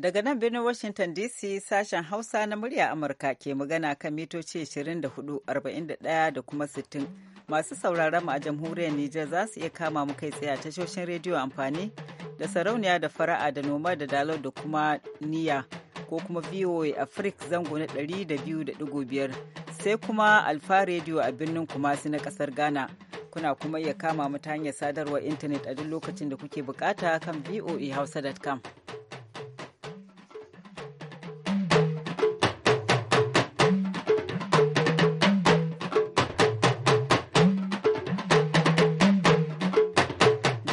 Daga nan birnin Washington DC sashen Hausa na murya Amurka ke magana kan mitoci 24,41 da kuma 60. Masu sauraron mu a jamhuriyar Nijar za su iya kama mu kai tsaye a tashoshin rediyo amfani da sarauniya da fara'a da noma da dalo da kuma niya ko kuma VOA Africa zango na 200.5 sai kuma Alfa rediyo a birnin Kumasi na kasar Ghana. Kuna kuma iya kama mu ta hanyar sadarwar intanet a duk lokacin da kuke bukata kan voahausa.com.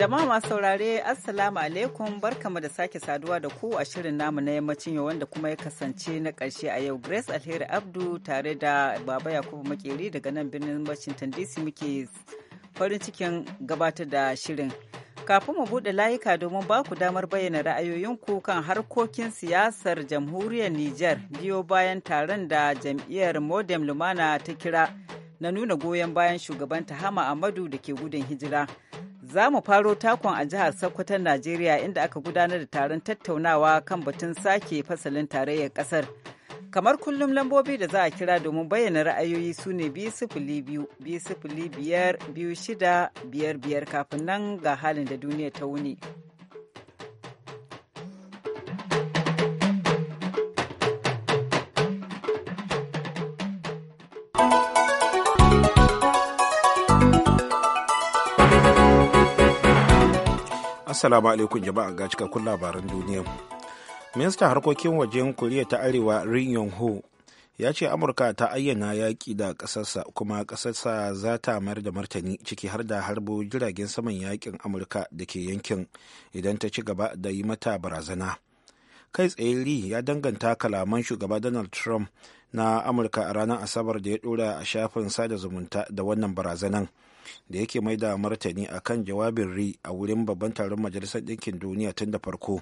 Jama'a masu saurare Assalamu alaikum barkamu da sake saduwa da ku a shirin namu na yammacin yau wanda kuma ya kasance na karshe a yau Grace Alheri Abdu tare da Baba Yakubu Makeri daga nan birnin Washington DC muke farin cikin gabatar da shirin. Kafin mu buɗe layuka domin ba ku damar bayyana ra'ayoyinku kan harkokin siyasar jamhuriyar Niger biyo bayan taron da jam'iyyar Modem Lumana ta kira na nuna goyon bayan shugaban Tahama Amadu da ke gudun hijira. Za mu faro takon a jihar sokoto Najeriya inda aka gudanar da taron tattaunawa kan batun sake fasalin tarayyar kasar Kamar kullum lambobi da za a kira domin bayyana ra'ayoyi su ne biyar biyu shida biyar biyar kafin nan ga halin da duniya ta wuni. Assalamu alaikum jama'a ga cikakkun labaran duniya. minista harkokin wajen Koriya ta Arewa Ri Yong Ho ya ce Amurka ta ayyana yaƙi da ƙasarsa kuma ƙasarsa za ta mayar da martani ciki har da harbo jiragen saman yaƙin Amurka da ke yankin idan ta ci gaba da yi mata barazana. Kai tsaye Ri ya danganta kalaman shugaba Donald Trump na Amurka a ranar Asabar da ya ɗora a shafin sada zumunta da wannan barazanan. da yake mai da martani a kan jawabin ri a wurin babban taron majalisar ɗinkin duniya tun da farko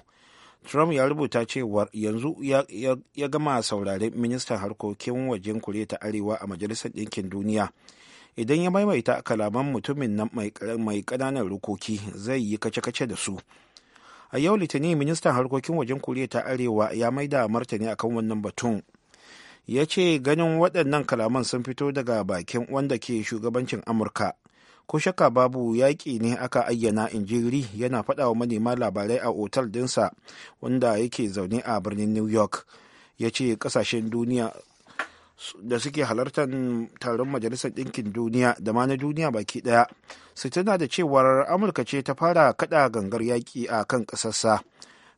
trump ya rubuta cewar yanzu ya gama saurare ministan harkokin wajen Kure ta arewa a majalisar ɗinkin duniya idan ya maimaita kalaman mutumin nan mai ƙananan rukoki zai yi kace-kace da su a yau litinin ministan harkokin wajen Kure ta arewa ya mai da martani akan wannan batun ya ce ganin waɗannan kalaman sun fito daga bakin wanda ke shugabancin amurka ko shakka babu yaƙi ne aka ayyana injiri yana faɗa wa manema labarai a otal dinsa wanda yake zaune a birnin new york ya ce ƙasashen duniya da suke halartar taron majalisar ɗinkin duniya da ma na duniya baki ɗaya su tana da cewar amurka ce ta fara kaɗa gangar yaƙi a kan ƙasarsa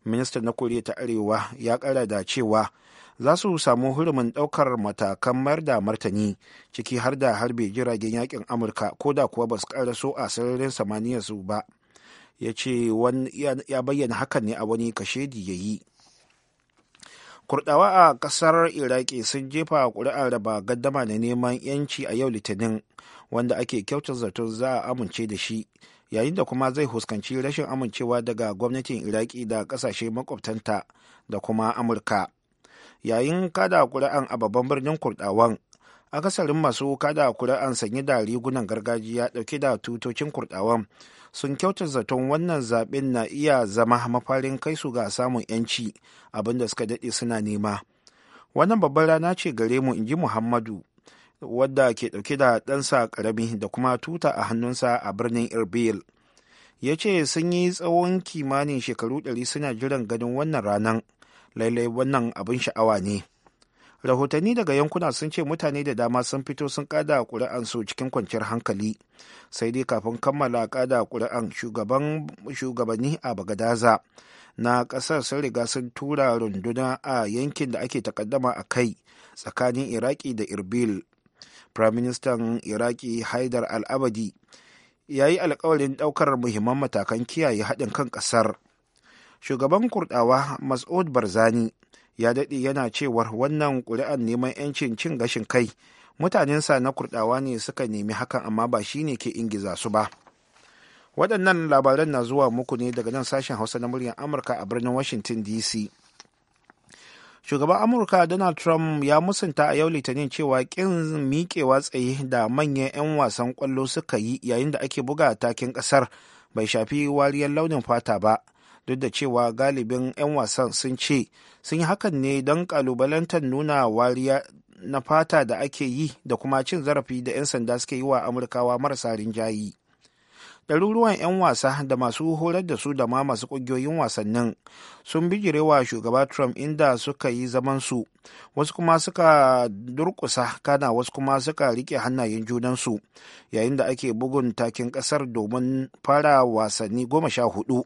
ministan na koriya ta arewa ya ƙara da cewa za su samu hurumin ɗaukar matakan mayar da martani ciki har da harbe jiragen yakin amurka ko da kuwa ba su karaso a sararin samaniya su ba ya ce ya bayyana hakan ne a wani kashedi ya yi kurdawa a kasar iraki sun jefa ƙuri'ar raba gaddama da neman yanci a yau litinin wanda ake kyautar zaton za a amince da shi yayin da kuma zai fuskanci rashin amincewa daga gwamnatin iraki da kasashe makwabtanta da kuma amurka yayin kada kuri'an a babban birnin kurdawan akasarin masu kada kuri'an sanyi da rigunan gargajiya dauke da tutocin kurdawan sun kyauta zaton wannan zaɓen na iya zama mafarin kai su ga samun yanci abinda suka daɗe suna nema wannan babban rana ce gare mu inji muhammadu wadda ke ɗauke da ɗansa ƙarami da kuma tuta a hannunsa a birnin erbil ya ce sun yi tsawon kimanin shekaru ɗari suna jiran ganin wannan ranar lailai wannan abin sha'awa ne rahotanni daga yankuna sun ce mutane da dama sun fito sun kada su cikin kwanciyar hankali sai dai kafin kammala kada ƙuri'an shugabanni a bagadaza na ƙasar sun riga sun tura runduna a yankin da ake takaddama a kai tsakanin iraki da irbil firaministan iraki haidar al'abadi ya yi alkawarin ɗaukar muhimman matakan kiyaye haɗin kan ƙasar shugaban kurdawa mas'ud barzani ya daɗe yana cewar wannan ƙuri'an neman 'yancin cin gashin kai mutanensa na kurdawa ne suka nemi hakan amma ba shi ne ke ingiza su ba waɗannan labaran na zuwa muku ne daga nan sashen hausa na muryar amurka a birnin washington dc shugaban amurka donald trump ya musanta a yau litinin cewa kin miƙewa tsaye da manyan 'yan wasan kwallo suka yi yayin da ake buga takin ƙasar bai shafi wariyar launin fata ba duk da cewa galibin 'yan wasan sun ce sun yi hakan ne don kalubalantar nuna wariya na fata da ake yi da kuma cin zarafi da 'yan sanda suke yi wa amurkawa marasa rinjayi. ɗaruruwan 'yan wasa da masu horar da su da ma masu ƙungiyoyin wasannin sun bijirewa shugaba trump inda suka yi zamansu wasu kuma suka durkusa kana wasu kuma suka rike hannayen junansu yayin da ake bugun takin ƙasar domin fara wasanni goma sha hudu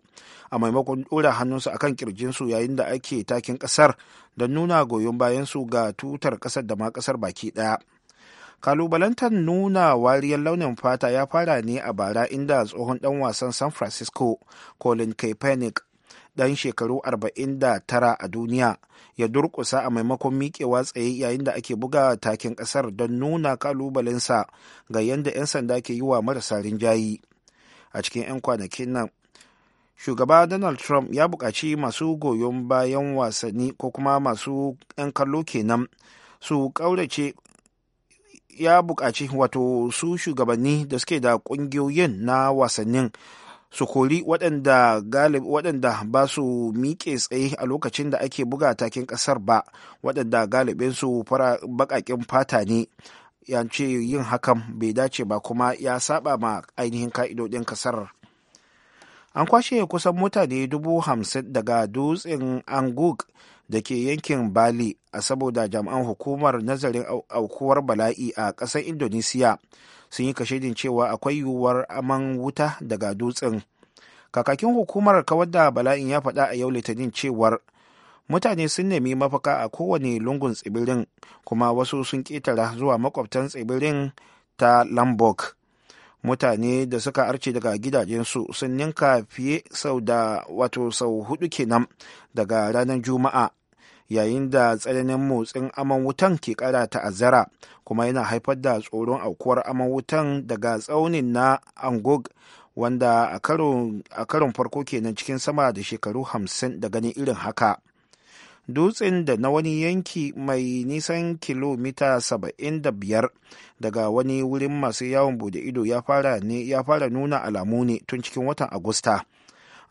a maimakon ɗora hannunsu akan kirjinsu yayin da ake takin ƙasar don nuna goyon bayansu ga tutar ƙasar da ma ƙasar baki ɗaya kalubalantar nuna wariyar launin fata ya fara ne a bara inda tsohon dan wasan san francisco colin kaepernick dan shekaru 49 a duniya ya durkusa a maimakon miƙewa tsaye yayin da ake buga takin ƙasar don nuna kalubalensa ga yadda 'yan sanda ke yi wa marasa rinjayi a cikin 'yan kwanakin nan shugaba donald trump ya buƙaci masu goyon bayan wasanni ko kuma masu 'yan kallo kenan su ƙaurace ya buƙaci wato su shugabanni da suke da ƙungiyoyin na wasannin su kori waɗanda ba su miƙe tsaye a lokacin da ake buga takin ƙasar ba waɗanda galibin su baƙaƙen fata ne ya yin hakan bai dace ba kuma ya saba ma ainihin ka'idodin ƙasar an kwashe kusan mutane dubu hamsin daga dutsen anguk da ke yankin bali a saboda jami'an hukumar nazarin aukuwar bala'i a ƙasar indonesiya sun yi kashedin cewa akwai yiwuwar aman wuta daga dutsen kakakin hukumar kawar da bala'in ya faɗa a yau litinin cewar mutane sun nemi mafaka a kowane lungun tsibirin kuma wasu sun ƙetara zuwa makwabtan tsibirin ta lombok mutane da suka arce daga gidajensu sun ninka fiye sau da wato sau hudu kenan daga ranar juma'a yayin da tsananin motsin aman wutan ke kara ta'azzara kuma yana haifar da tsoron aukuwar aman wutan daga tsaunin na angog wanda a karon farko kenan cikin sama da shekaru hamsin da ganin irin haka dutsen da na wani yanki mai nisan kilomita 75 daga wani wurin masu yawon bude ido ya fara ne ya fara nuna alamu ne tun cikin watan agusta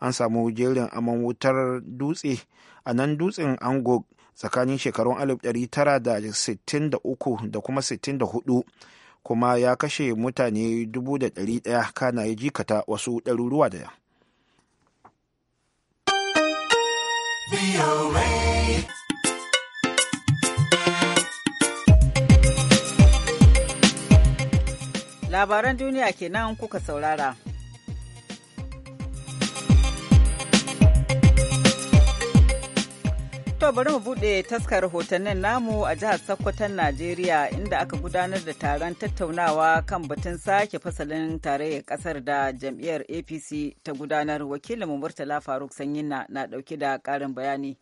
an samu jerin aman wutar dutse a nan dutsen angog tsakanin shekarun 1963 da kuma 64 kuma ya kashe mutane 1,100 kana ya jikata wasu ɗaruruwa da Labaran duniya kenan kuka saurara. To bari mu buɗe taskar rahotannin namu a jihar Sokoton Najeriya inda aka gudanar da taron tattaunawa kan batun sake fasalin tarayyar ƙasar da jam'iyyar APC ta gudanar Wakilin Murtala Faruk Sanyinna na ɗauke da ƙarin bayani.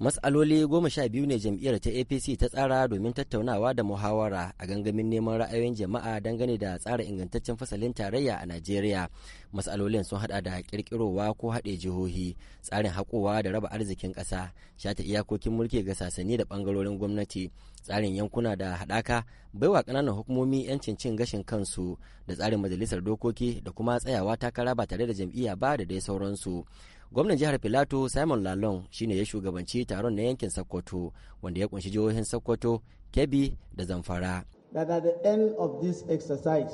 matsaloli goma sha biyu ne jam'iyyar ta apc ta tsara domin tattaunawa da muhawara a gangamin neman ra'ayoyin jama'a dangane da tsara ingantaccen fasalin tarayya a najeriya matsalolin sun hada da kirkirowa ko haɗe jihohi tsarin haƙowa da raba arzikin ƙasa shata iyakokin mulki ga sasani da ɓangarorin gwamnati tsarin yankuna da haɗaka baiwa ƙananan hukumomi yancin cin gashin kansu da tsarin majalisar dokoki da kuma tsayawa takara ba tare da jam'iyya ba da dai sauransu gwamnan jihar filato simon lalong shine ya shugabanci taron na yankin sokoto wanda ya kunshi jihohin sokoto kebbi da zamfara that at the end of this exercise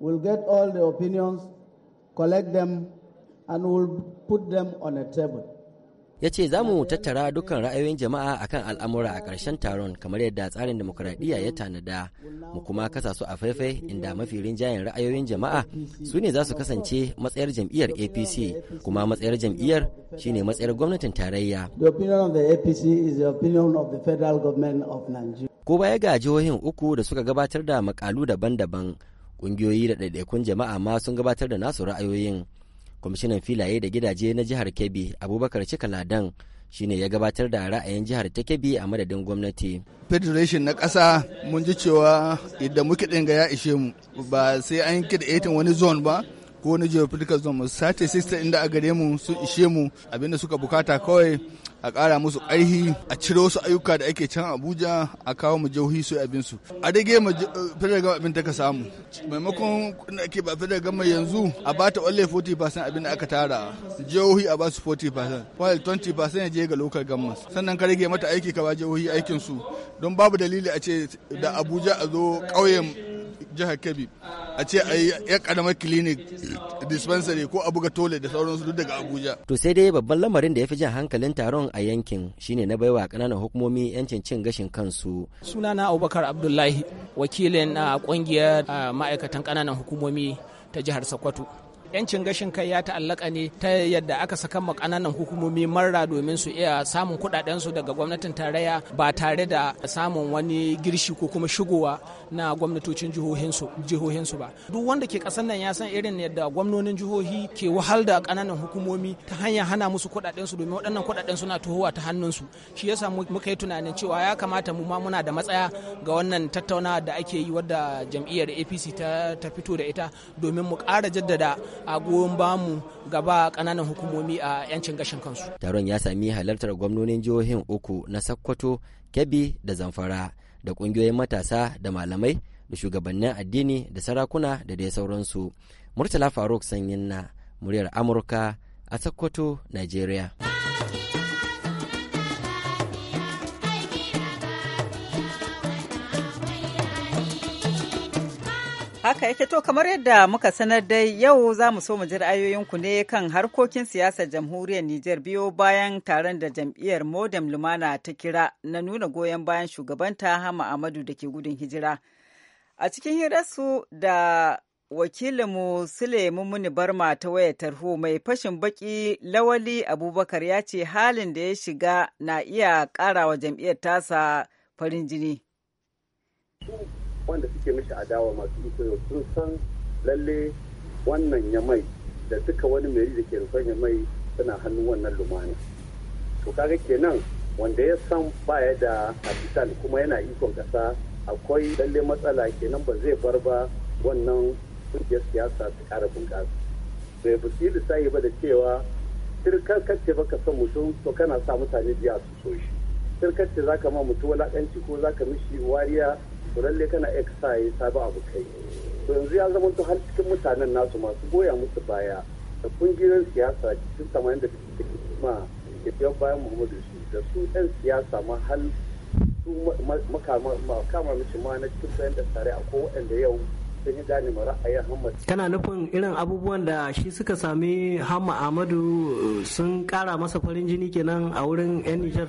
we'll get all the opinions collect them and we'll put them on a table ya ce za mu tattara dukkan ra'ayoyin jama'a akan al'amura a ƙarshen taron kamar yadda tsarin demokuraɗiyya ya tanada mu kuma kasa su a faifai inda mafi rinjayen ra'ayoyin jama'a su ne za su kasance matsayar jam'iyyar apc kuma matsayar jam'iyyar shine matsayar gwamnatin tarayya ko baya ga jihohin uku da suka gabatar da makalu daban-daban ƙungiyoyi da ɗaiɗaikun jama'a ma sun gabatar da nasu ra'ayoyin kwamishinan filaye da gidaje na jihar kebbi abubakar cika ladan shine ya gabatar da ra'ayin jihar ta kebbi a madadin gwamnati federation na ƙasa mun ji cewa idan muke ɗin ya ishe mu ba sai an kiɗa wani zone ba ko wani geopolitical zone mu sace 60 inda a gare mu su ishe mu abinda suka bukata kawai a ƙara musu ƙarfi a ciro su ayyuka da ake can abuja a kawo mu jihohi su abin su a rage ma eh, federal gama abin ta ka samu maimakon da ake ba federal gama yanzu a ba ta only 40% abin da aka tara jihohi a ba su 40% while 20% ya je ga local government sannan ka rage mata aiki ka ba jihohi aikin su don babu dalili a ce da abuja a zo ƙauyen jihar kebbi a ce a yi ya clinic dispensary ko a buga tole da sauransu duk daga abuja to sai dai babban lamarin da ya fi jan hankalin taron a yankin shine na baiwa kananan hukumomi yancin cin gashin kansu. Sunana Abubakar Abdullahi wakilin a kungiyar ma'aikatan kananan hukumomi ta jihar Sokoto. yancin gashin kai ya ta'allaka ne ta yadda aka saka ma kananan hukumomi marra domin su iya samun kudaden su daga gwamnatin tarayya ba tare da samun wani girshi ko kuma shigowa na gwamnatocin jihohin su ba duk wanda ke kasan nan ya san irin yadda gwamnonin jihohi ke wahal da kananan hukumomi ta hanyar hana musu kudaden su domin waɗannan kudaden suna tohowa ta hannun su shi yasa muka yi tunanin cewa ya kamata mu ma muna da matsaya ga wannan tattaunawa da ake yi wadda jam'iyyar APC ta fito da ita domin mu kara jaddada a goyon bamu gaba kananan hukumomi a 'yancin gashin kansu. Taron ya sami halartar gwamnonin jihohin uku na Sokoto, Kebbi da Zamfara da kungiyoyin matasa da malamai da shugabannin addini da sarakuna da dai sauransu. Murtala Faruk Sanyin na muryar Amurka a Sokoto, Nigeria. Haka yake to kamar yadda muka sanar dai yau za mu so mu ji ra'ayoyinku ne kan harkokin siyasar jamhuriyar Nijar biyo bayan taron da jam'iyyar Modem Lumana ta kira na nuna goyon bayan shugabanta Hama Amadu da ke gudun hijira. A cikin hirarsu da wakilinmu Sule Mummuni Barma ta wayar tarho mai fashin baki Lawali Abubakar ya ce halin da ya shiga na iya ƙara wa jam'iyyar tasa farin jini. wanda suke mishi adawa masu iko sun san lalle wannan ya mai da duka wani mai da ke rufan ya mai suna hannun wannan lumana to kaga kenan wanda ya san baya da capital kuma yana ikon kasa akwai lalle matsala kenan ba zai bar ba wannan kungiyar siyasa ta kara bunƙasa bai bu yi lissahi ba da cewa sirkar kacce ba ka son mutum to kana sa mutane biya su so shi sirkar ce za ka ma mutu wulaƙanci ko za ka mishi wariya to lalle kana iya sa yi sabon abu kai to yanzu ya zama to har cikin mutanen nasu masu goya musu baya da kungiyoyin siyasa cikin samanin da ma ya bayan muhammadu su da su ɗan siyasa ma hal su makama mace ma na cikin sayan da tare a ko waɗanda yau sun yi gane ma a hamad. kana nufin irin abubuwan da shi suka sami hamma amadu eh, sun kara masa farin jini kenan a wurin yan nijar.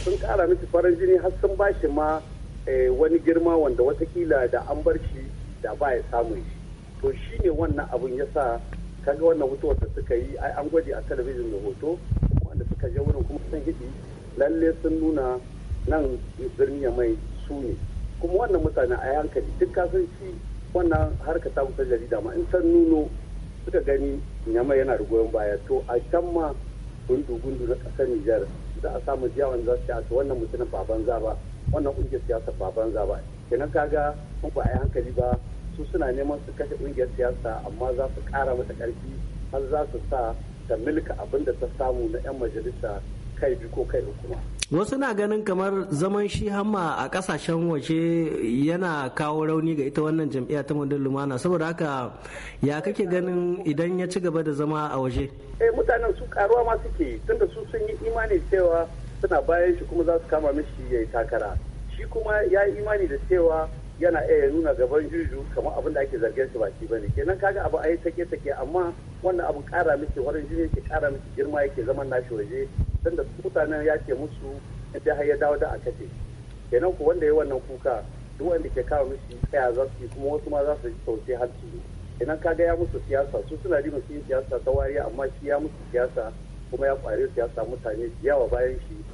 sun kara miki farin jini har sun bashi ma Eh, wani girma wanda watakila da an bar shi da ba ya samun shi to shi ne wannan abin ya sa kaga wannan mutuwar da suka yi ai an gwaji a talabijin da hoto wanda suka je wurin kuma sun hidi lalle sun nuna nan birni mai su ne kuma wannan mutane a hankali duk kasan shi wannan harka ta musa jarida ma in san nuno suka gani mai yana da goyon baya to a can ma gundu-gundu na ƙasar Nijar za a samu jiyawan za su ci a wannan mutumin baban banza ba wannan kungiyar siyasa ba banza ba kenan kaga kun ba a yi hankali ba su suna neman su kashe kungiyar siyasa amma za su kara mata karfi har za su sa ta milka abin da ta samu na 'yan majalisa kai bi ko kai hukuma wasu na ganin kamar zaman shi hamma a kasashen waje yana kawo rauni ga ita wannan jam'iyya ta mundin lumana saboda haka ya kake ganin idan ya ci gaba da zama a waje eh mutanen su karuwa ma suke tunda su sun yi imani cewa suna bayan shi kuma za su kama mishi ya yi takara shi kuma ya yi imani da cewa yana iya nuna gaban juju kamar abin da ake zargin shi baki bane kenan kaga abu a yi take take amma wannan abu kara miki warin jini yake kara miki girma yake zaman nashi waje sanda mutanen ya ce musu inda har ya dawo da a kace kenan ku wanda ya wannan kuka duk wanda ke kama mishi tsaya za su kuma wasu ma za su ji sauke har su kenan kaga ya musu siyasa su suna musu yin siyasa ta wariya amma shi ya musu siyasa kuma ya kware siyasa mutane yawa bayan shi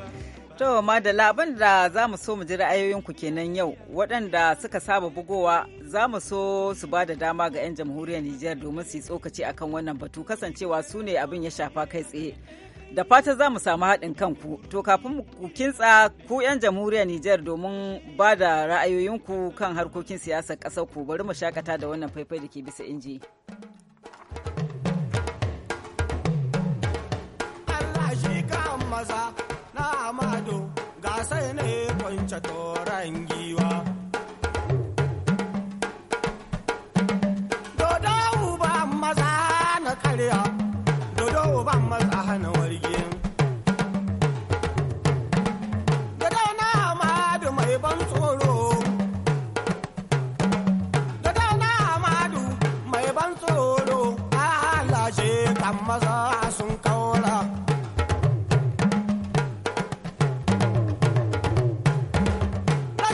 To madala abin da za mu so mu ji ra'ayoyinku kenan yau waɗanda suka saba bugowa za mu so su ba da dama ga 'yan jamhuriyar Nijar domin su yi tsokaci akan wannan batu kasancewa su ne abin ya shafa kai tsaye. Da fata za mu samu haɗin kanku to kafin ku kintsa ku 'yan jamhuriyar Nijar domin ba da ra'ayoyinku kan harkokin siyasar ƙasar ku bari mu shakata da wannan faifai da ke bisa inji. ado, ga ne kwanci toron giwa.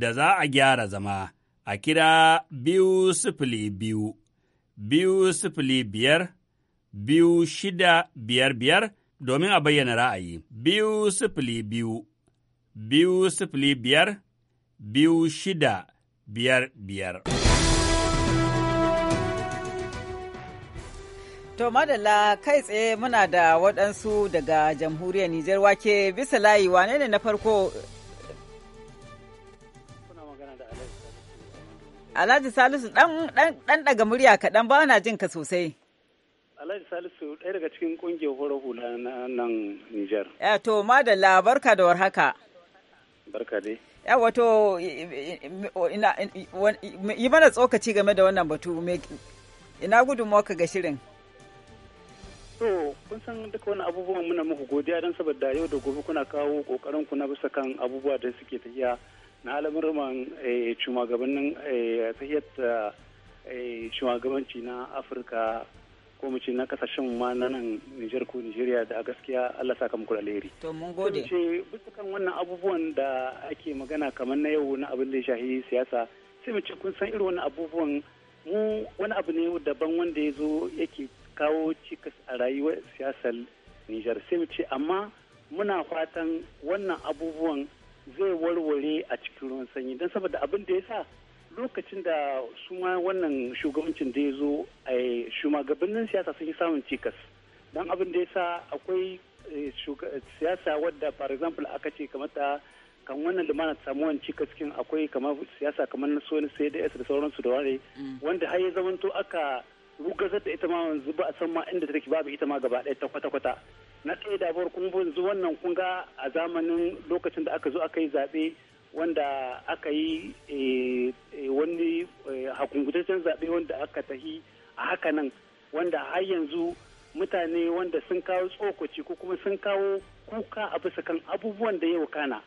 da za a gyara zama, a kira biyu sifili biyu, biyu sifili biyar, biyu shida biyar biyar domin a bayyana ra'ayi, biyu sifili biyu, biyu sifili biyar, biyu shida biyar biyar. To madalla kai tsaye muna da waɗansu daga jamhuriyar Nijar wake bisa layi wane ne na farko Alhaji Salisu dan dan daga murya kaɗan ba na jin ka sosai. Alhaji Salisu ɗaya daga cikin ƙungiyar horo hula na nan Nijar. ya to madalla barka da warhaka. Barka dai. Ya wato yi mana tsokaci game da wannan batu ina gudun ka ga shirin. To kun san duka wani abubuwan muna muku godiya don saboda yau da gobe kuna kawo kokarin ku na bisa kan abubuwa da suke tafiya. na al'amuran eh, shugabannin eh, ta eh, shugabanci na afirka ko mu ce na kasashen ma na nan Nijar ko Nijeriya da gaskiya Allah saka muku da leri. To mun gode. Ce bisa kan wannan abubuwan da ake magana kamar na yau na abin da ya shahi siyasa sai mu ce kun san irin wani abubuwan mu wani abu ne daban wanda ya zo yake kawo cikas a rayuwar siyasar Nijar sai mu ce amma muna fatan wannan abubuwan zai warware a cikin ruwan sanyi don saboda abin da ya sa lokacin da su ma wannan shugabancin da ya zo a shugabannin siyasa sun yi samun cikas don abin da ya sa akwai e, siyasa wadda for example aka ce kamar ta kan wannan lumana mana samu wani cikas kin akwai kamar siyasa kamar na sony cds da sauransu da ware mm. wanda har ya zamanto aka rugazar da ita ma yanzu ba a san ma inda take babu ita ma gaba ɗaya ta kwata-kwata na tsaye da kuma yanzu wannan kun a zamanin lokacin da aka zo aka yi zaɓe wanda aka yi eh, eh, wani eh, hakungutaccen zaɓe wanda aka tahi a haka nan wanda har yanzu mutane wanda sun kawo tsokaci ko kuma sun kawo kuka a bisa kan abubuwan da yau kana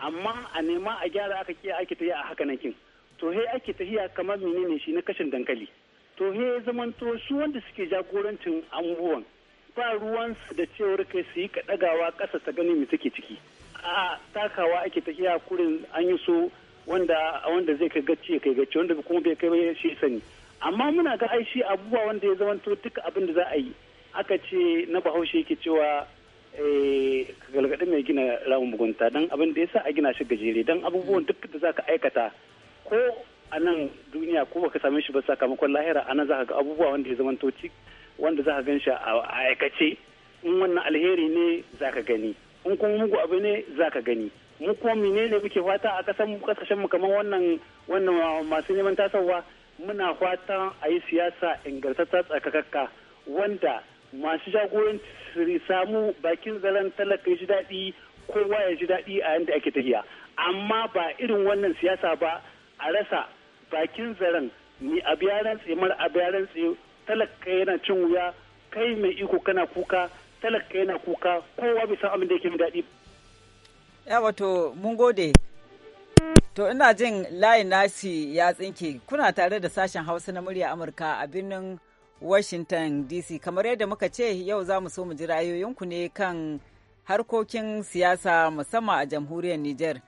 amma a nema a gyara aka ke ake tafiya a haka nan kin to he ake tafiya kamar menene shi na kashin dankali to he zamanto su wanda suke jagorancin abubuwan ba ruwansu da cewar kai su yi kaɗagawa ƙasa ta gani mai take ciki a takawa ake ta iya kurin an yi so wanda zai kai ya kai gacce wanda kuma bai kai bai shi sani amma muna ga aishi shi abubuwa wanda ya zamanto duka abin da za a yi aka ce na bahaushe yake cewa eh, ka mai gina ramin mugunta don abin da ya sa a gina shi gajere don abubuwan duk da za ka aikata ko a nan duniya ko ba ka same shi ba sakamakon lahira a nan za ka ga abubuwa wanda ya zamanto wanda za ka gan shi a aikace in wannan alheri ne za ka gani in kuma mugu abu ne za ka gani mu kuma ne muke fata a kasan kasashen mu kamar wannan wannan ah, masu neman tasowa muna fata a yi siyasa ingantatta tsakakakka wanda masu jagoranci samu bakin zaren talaka ya ji daɗi kowa ya ji daɗi a yadda ake tafiya amma ba irin wannan siyasa ba a rasa bakin zaren ni a biyaran tsimar a biyaran tsimar talaka yana cin wuya kai mai iko kana kuka talaka yana kuka kowa bai san abin da yake daɗi. ya wato mun gode to ina jin layin nasi ya tsinke kuna tare da sashen hausa na murya amurka a birnin washington dc kamar yadda muka ce yau za mu so mu ji ra'ayoyinku ne kan harkokin siyasa musamman a jamhuriyar niger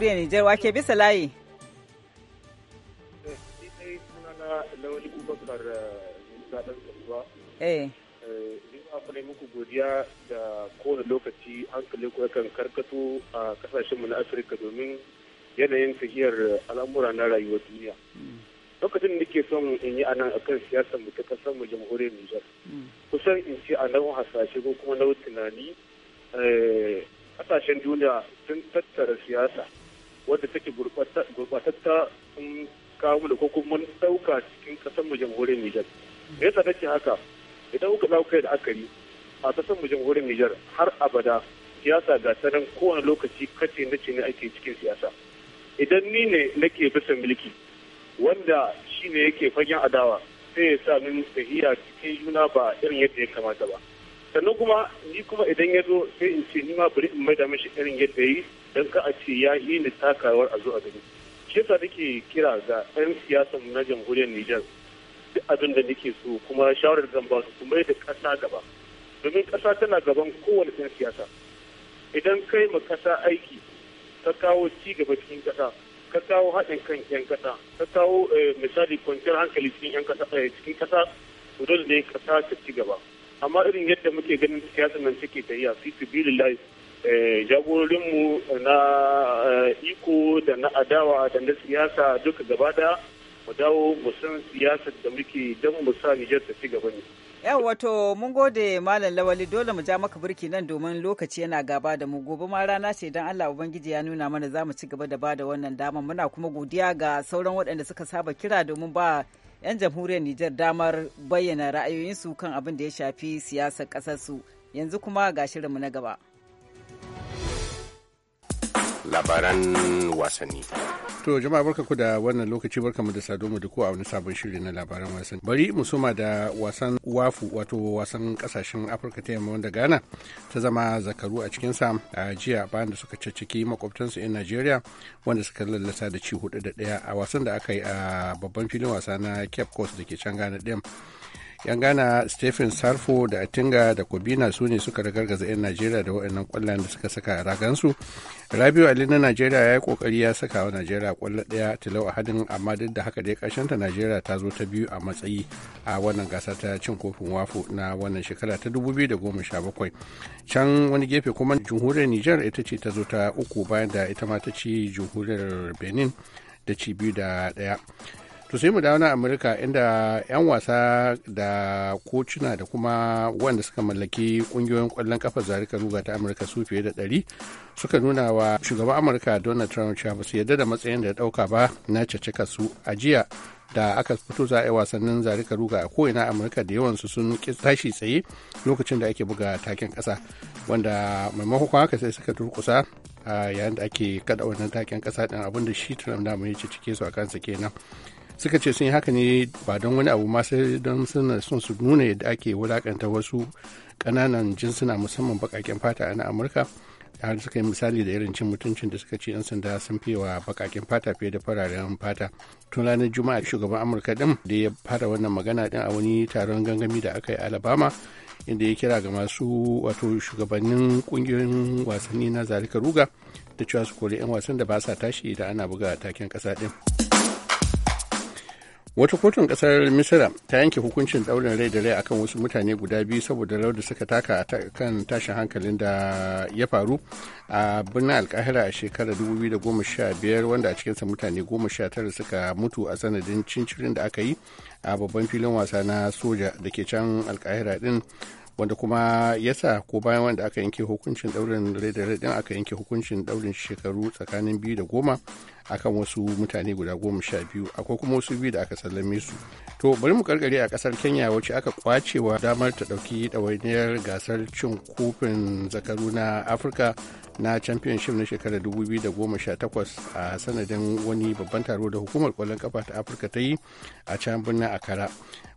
jamhuriyar Nijar wake bisa layi. Eh. akwai eh, eh. eh, muku godiya da kowane lokaci an ku karkato a kasashenmu na afirka domin yanayin tafiyar al'amura na rayuwar duniya mm. lokacin da ke son in yi anan akan siyasar mu ta kasar mu jamhuriyar nijar mm. kusan in ce a nan hasashe ko kuma nau'in tunani kasashen duniya sun tattara siyasa wadda take gurbatatta sun kawo da ko mun ɗauka cikin ƙasar mu jamhuriyar Nijar. Me yasa nake haka? Idan kuka ɗauka kai da akari a ƙasar mu jamhuriyar Nijar har abada siyasa ga ta kowane lokaci kace na ce ne ake cikin siyasa. Idan ni ne nake bisa mulki wanda shi ne yake fagen adawa sai ya sa min sahiya cikin juna ba irin yadda ya kamata ba. sannan kuma ni kuma idan ya zo sai in ce ni ma bari in maida mishi irin yadda yi don ka a ce ya yi ni takawar a zo a gani shi yasa nake kira ga 'yan siyasan na jamhuriyar Nijar duk abin da nake so kuma shawarar zan ba su kuma da ƙasa gaba domin ƙasa tana gaban kowane ɗan siyasa idan kai ma ƙasa aiki ka kawo ci gaba cikin ƙasa ka kawo haɗin kan 'yan ƙasa ka kawo eh, misali kwanciyar hankali cikin 'yan ƙasa eh, cikin ƙasa to dole ne ƙasa ta ci gaba amma irin yadda muke ganin siyasar nan take tafiya fi layi. Eh, jagororinmu na eh, iko da na adawa da na siyasa duka gaba da mu dawo mu san siyasar da muke don mu sa Nijar ta ci gaba ne. Yan wato mun gode Malam Lawali dole mu ja maka birki nan domin lokaci yana gaba da mu gobe ma rana ce don Allah Ubangiji ya nuna mana za mu ci gaba da ba wannan damar muna kuma godiya ga sauran waɗanda suka saba kira domin ba 'yan jamhuriyar Nijar damar bayyana ra'ayoyinsu kan abin da ya shafi siyasar kasarsu yanzu kuma ga shirinmu na gaba. labaran wasanni. To jama'a barka ku da wannan lokaci barka mu da sado mu duku a wani sabon shiri na labaran wasanni. Bari mu soma da wasan wafu wato wasan kasashen Afirka ta yamma wanda Ghana ta zama zakaru a cikin sa a jiya bayan da suka caccaki makwabtansu 'yan Najeriya wanda suka lallasa da ci hudu da daya a wasan da aka yi a babban filin wasa na Cape Coast da ke can Ghana din. yan ghana stephen sarfo da atinga da kobina su ne suka ragargaza 'yan najeriya da waɗannan kwallon da suka saka a ragansu rabiu ali na najeriya ya yi kokari ya saka wa najeriya kwallo ɗaya tilau a hadin amma duk da haka dai ta najeriya ta zo ta biyu a matsayi a wannan gasa ta cin kofin wafo na wannan shekara ta da goma sha bakwai can wani gefe kuma jamhuriyar niger ita ce ta zo ta uku bayan da ita ma ta ci jamhuriyar benin da ci biyu da ɗaya to sai mu dawo na amurka inda 'yan wasa da kocina da kuma wanda suka mallaki kungiyoyin kwallon kafa zarika ruga ta amurka su fiye da ɗari suka nuna wa shugaban amurka donald trump cewa ba su yarda da matsayin da ya dauka ba na caccaka su a jiya da aka fito za a wasannin zarika ruga a ko'ina amurka da yawansu sun tashi tsaye lokacin da ake buga taken kasa wanda maimakon haka sai suka turkusa a yayin da ake kada wannan taken kasa din abinda shi trump da mu ya cike su a kansa kenan suka ce sun yi haka ne ba don wani abu ma sai don suna son su nuna yadda ake wulakanta wasu kananan jinsuna musamman baƙaƙen fata a na amurka har suka yi misali da irin cin mutuncin da suka ce 'yan sanda sun fi wa bakakin fata fiye da fararen fata tun ranar juma'a shugaban amurka din da ya fara wannan magana din a wani taron gangami da aka yi alabama inda ya kira ga masu wato shugabannin kungiyoyin wasanni na zarika ruga da cewa su kori 'yan wasan da ba sa tashi idan ana buga taken kasa din. wata kotun kasar misira ta yanke hukuncin daurin rai da rai akan wasu mutane guda biyu saboda rawar da suka taka a kan tashin hankalin da ya faru a birnin alkahira a shekarar 2015 wanda a cikinsa mutane 19 suka mutu a sanadin cincirin da aka yi a babban filin wasa na soja da ke can alkahira din wanda kuma ya sa ko bayan wanda aka yanke hukuncin daurin raɗin aka yanke hukuncin daurin shekaru tsakanin biyu da goma akan wasu mutane guda goma sha biyu akwai kuma wasu biyu da aka sallame su to bari mu karkare a kasar kenya wacce aka wa damar ta dauki ɗawainiyar gasar cin kofin zakaru na afirka na championship na shekarar 2018 a sanadin wani babban taro da hukumar kwallon kafa ta afirka ta yi a can birnin akara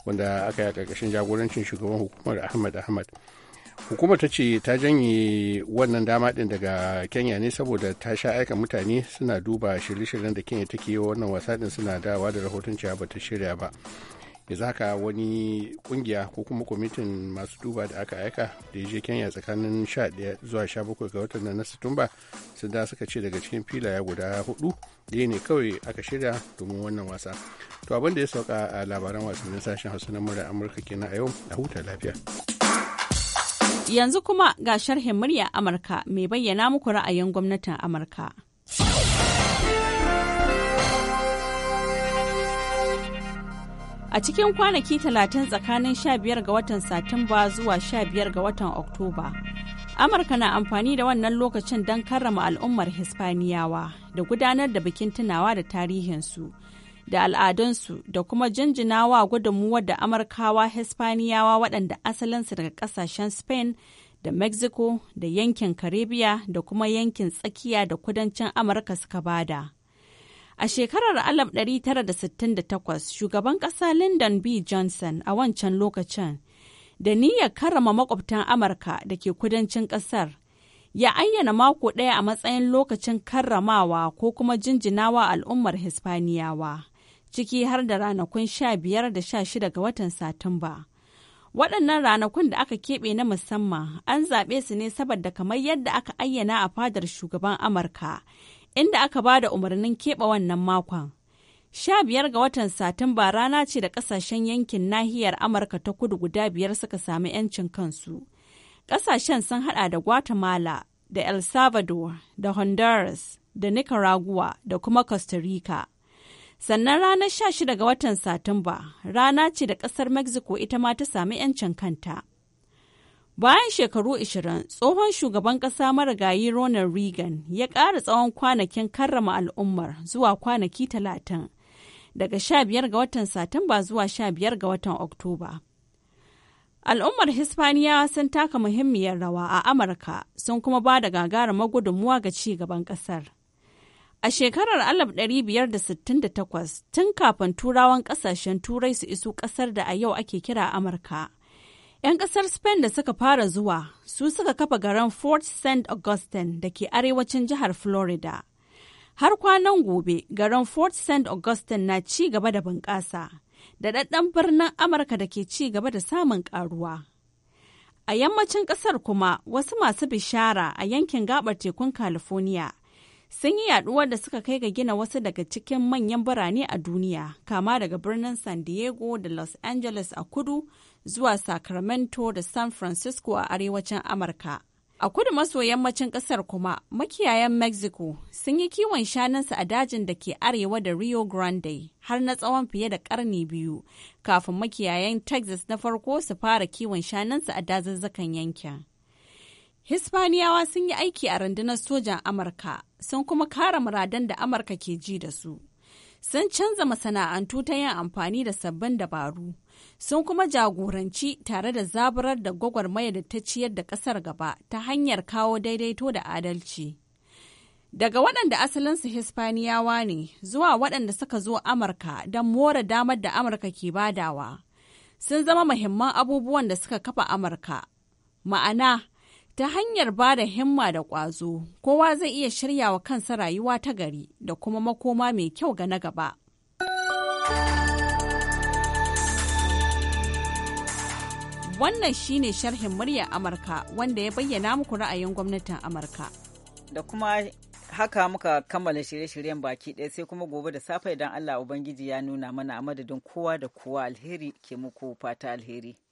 wanda aka yi a ƙarƙashin jagorancin shugaban hukumar ahmad ahmad hukumar ta ce ta janye wannan dama din daga kenya ne saboda ta sha aika mutane suna duba shirye-shiryen da kenya take yi wannan wasa din suna dawa da rahoton cewa ba ta shirya ba yanzu haka wani kungiya ko kuma kwamitin masu duba da aka aika da ya je kenya tsakanin 11 zuwa 17 ga watan na satumba sun da suka ce daga cikin filaya guda hudu daya ne kawai aka shirya domin wannan wasa to abin da ya sauka a labaran wasannin sashen hausa na murar amurka kenan a yau a huta lafiya Yanzu kuma ga sharhin murya Amurka mai bayyana muku ra'ayin gwamnatin Amurka. A cikin kwanaki talatin tsakanin 15 ga watan Satumba zuwa 15 ga watan Oktoba. Amurka na amfani da wannan lokacin don karrama al'ummar Hispaniyawa da gudanar da bikin tunawa da tarihinsu. da al'adunsu da kuma jinjinawa gudunmuwa da Amurkawa Hispaniyawa waɗanda asalinsu daga ƙasashen Spain da Mexico da yankin Caribbean da kuma yankin tsakiya da kudancin Amurka suka bada. A shekarar 1968, shugaban ƙasa Lyndon B. Johnson a wancan lokacin, da niyyar karrama makwabtan Amurka da ke kudancin ƙasar, ya ayyana mako ɗaya a matsayin lokacin karramawa ko kuma jinjinawa al'ummar Hispaniyawa. ciki har da ranakun sha biyar da 16 ga watan Satumba. Waɗannan ranakun da aka keɓe na musamman an zaɓe su ne saboda kamar yadda aka ayyana a fadar shugaban Amurka, inda aka ba da umarnin keɓe wannan makon. Sha biyar ga watan Satumba rana ce da ƙasashen yankin nahiyar Amurka ta kudu guda biyar suka sami 'yancin kansu. Ƙasashen sun haɗa da Guatemala, da El Salvador, da Honduras, da Nicaragua, da kuma Costa Rica. Sannan ranar 16 ga watan Satumba rana ce da ƙasar Mexico ita ma ta sami 'yancin kanta. Bayan shekaru 20, tsohon shugaban ƙasa marigayi Ronald Reagan ya ƙara tsawon kwanakin karrama al'ummar zuwa kwanaki 30 daga 15 ga watan Satumba zuwa 15 ga watan Oktoba. Al'ummar Hispaniyawa sun taka muhimmiyar rawa a Amurka sun kuma ba da gagarumar gudunmuwa ga ci gaban ƙasar. A shekarar 1568 tun kafin turawan ƙasashen turai su isu ƙasar da a yau ake kira Amurka. 'Yan ƙasar Spain da suka fara zuwa su suka kafa garin Fort St. Augustine da ke arewacin jihar Florida. Har kwanan gobe garin Fort St. Augustine na ci gaba da bunƙasa, da ɗaɗɗan birnin Amurka da ke ci gaba da samun ƙaruwa. A yammacin ƙasar kuma wasu masu bishara a yankin gabar tekun California sun yi yaduwar da suka kai ga gina wasu daga cikin manyan birane a duniya kama daga birnin san diego da los angeles a kudu zuwa sacramento da san francisco a arewacin amurka a kudu maso yammacin kasar kuma makiyayan mexico sun yi kiwon shanunsu a dajin da ke arewa da rio grande har na tsawon fiye da karni biyu kafin makiyayan texas na farko su fara kiwon shanunsu a dazuzzukan yankin Hispaniyawa sun yi aiki a rundunar sojan Amurka sun kuma kara muradan da Amurka ke ji da su. Sun canza masana'antu ta yin amfani da sabbin dabaru, sun kuma jagoranci tare da zaburar da gwagwarmaya da ta ciyar da ƙasar gaba ta hanyar kawo daidaito da adalci. Daga waɗanda asalinsu Hispaniyawa ne zuwa waɗanda suka zo Amurka don more damar da Amurka ke badawa, sun zama muhimman abubuwan da suka kafa Amurka. Ma'ana, Ta hanyar ba da himma da ƙwazo, kowa zai iya shirya wa kansa rayuwa ta gari da kuma makoma mai kyau ga na gaba. Wannan shine sharhin muryar Amurka wanda ya bayyana muku ra'ayin gwamnatin Amurka. Da kuma haka muka kammala shirye-shiryen baki ɗaya sai kuma gobe da safe idan Allah Ubangiji ya nuna mana a madadin kowa da kowa alheri ke muku fata alheri.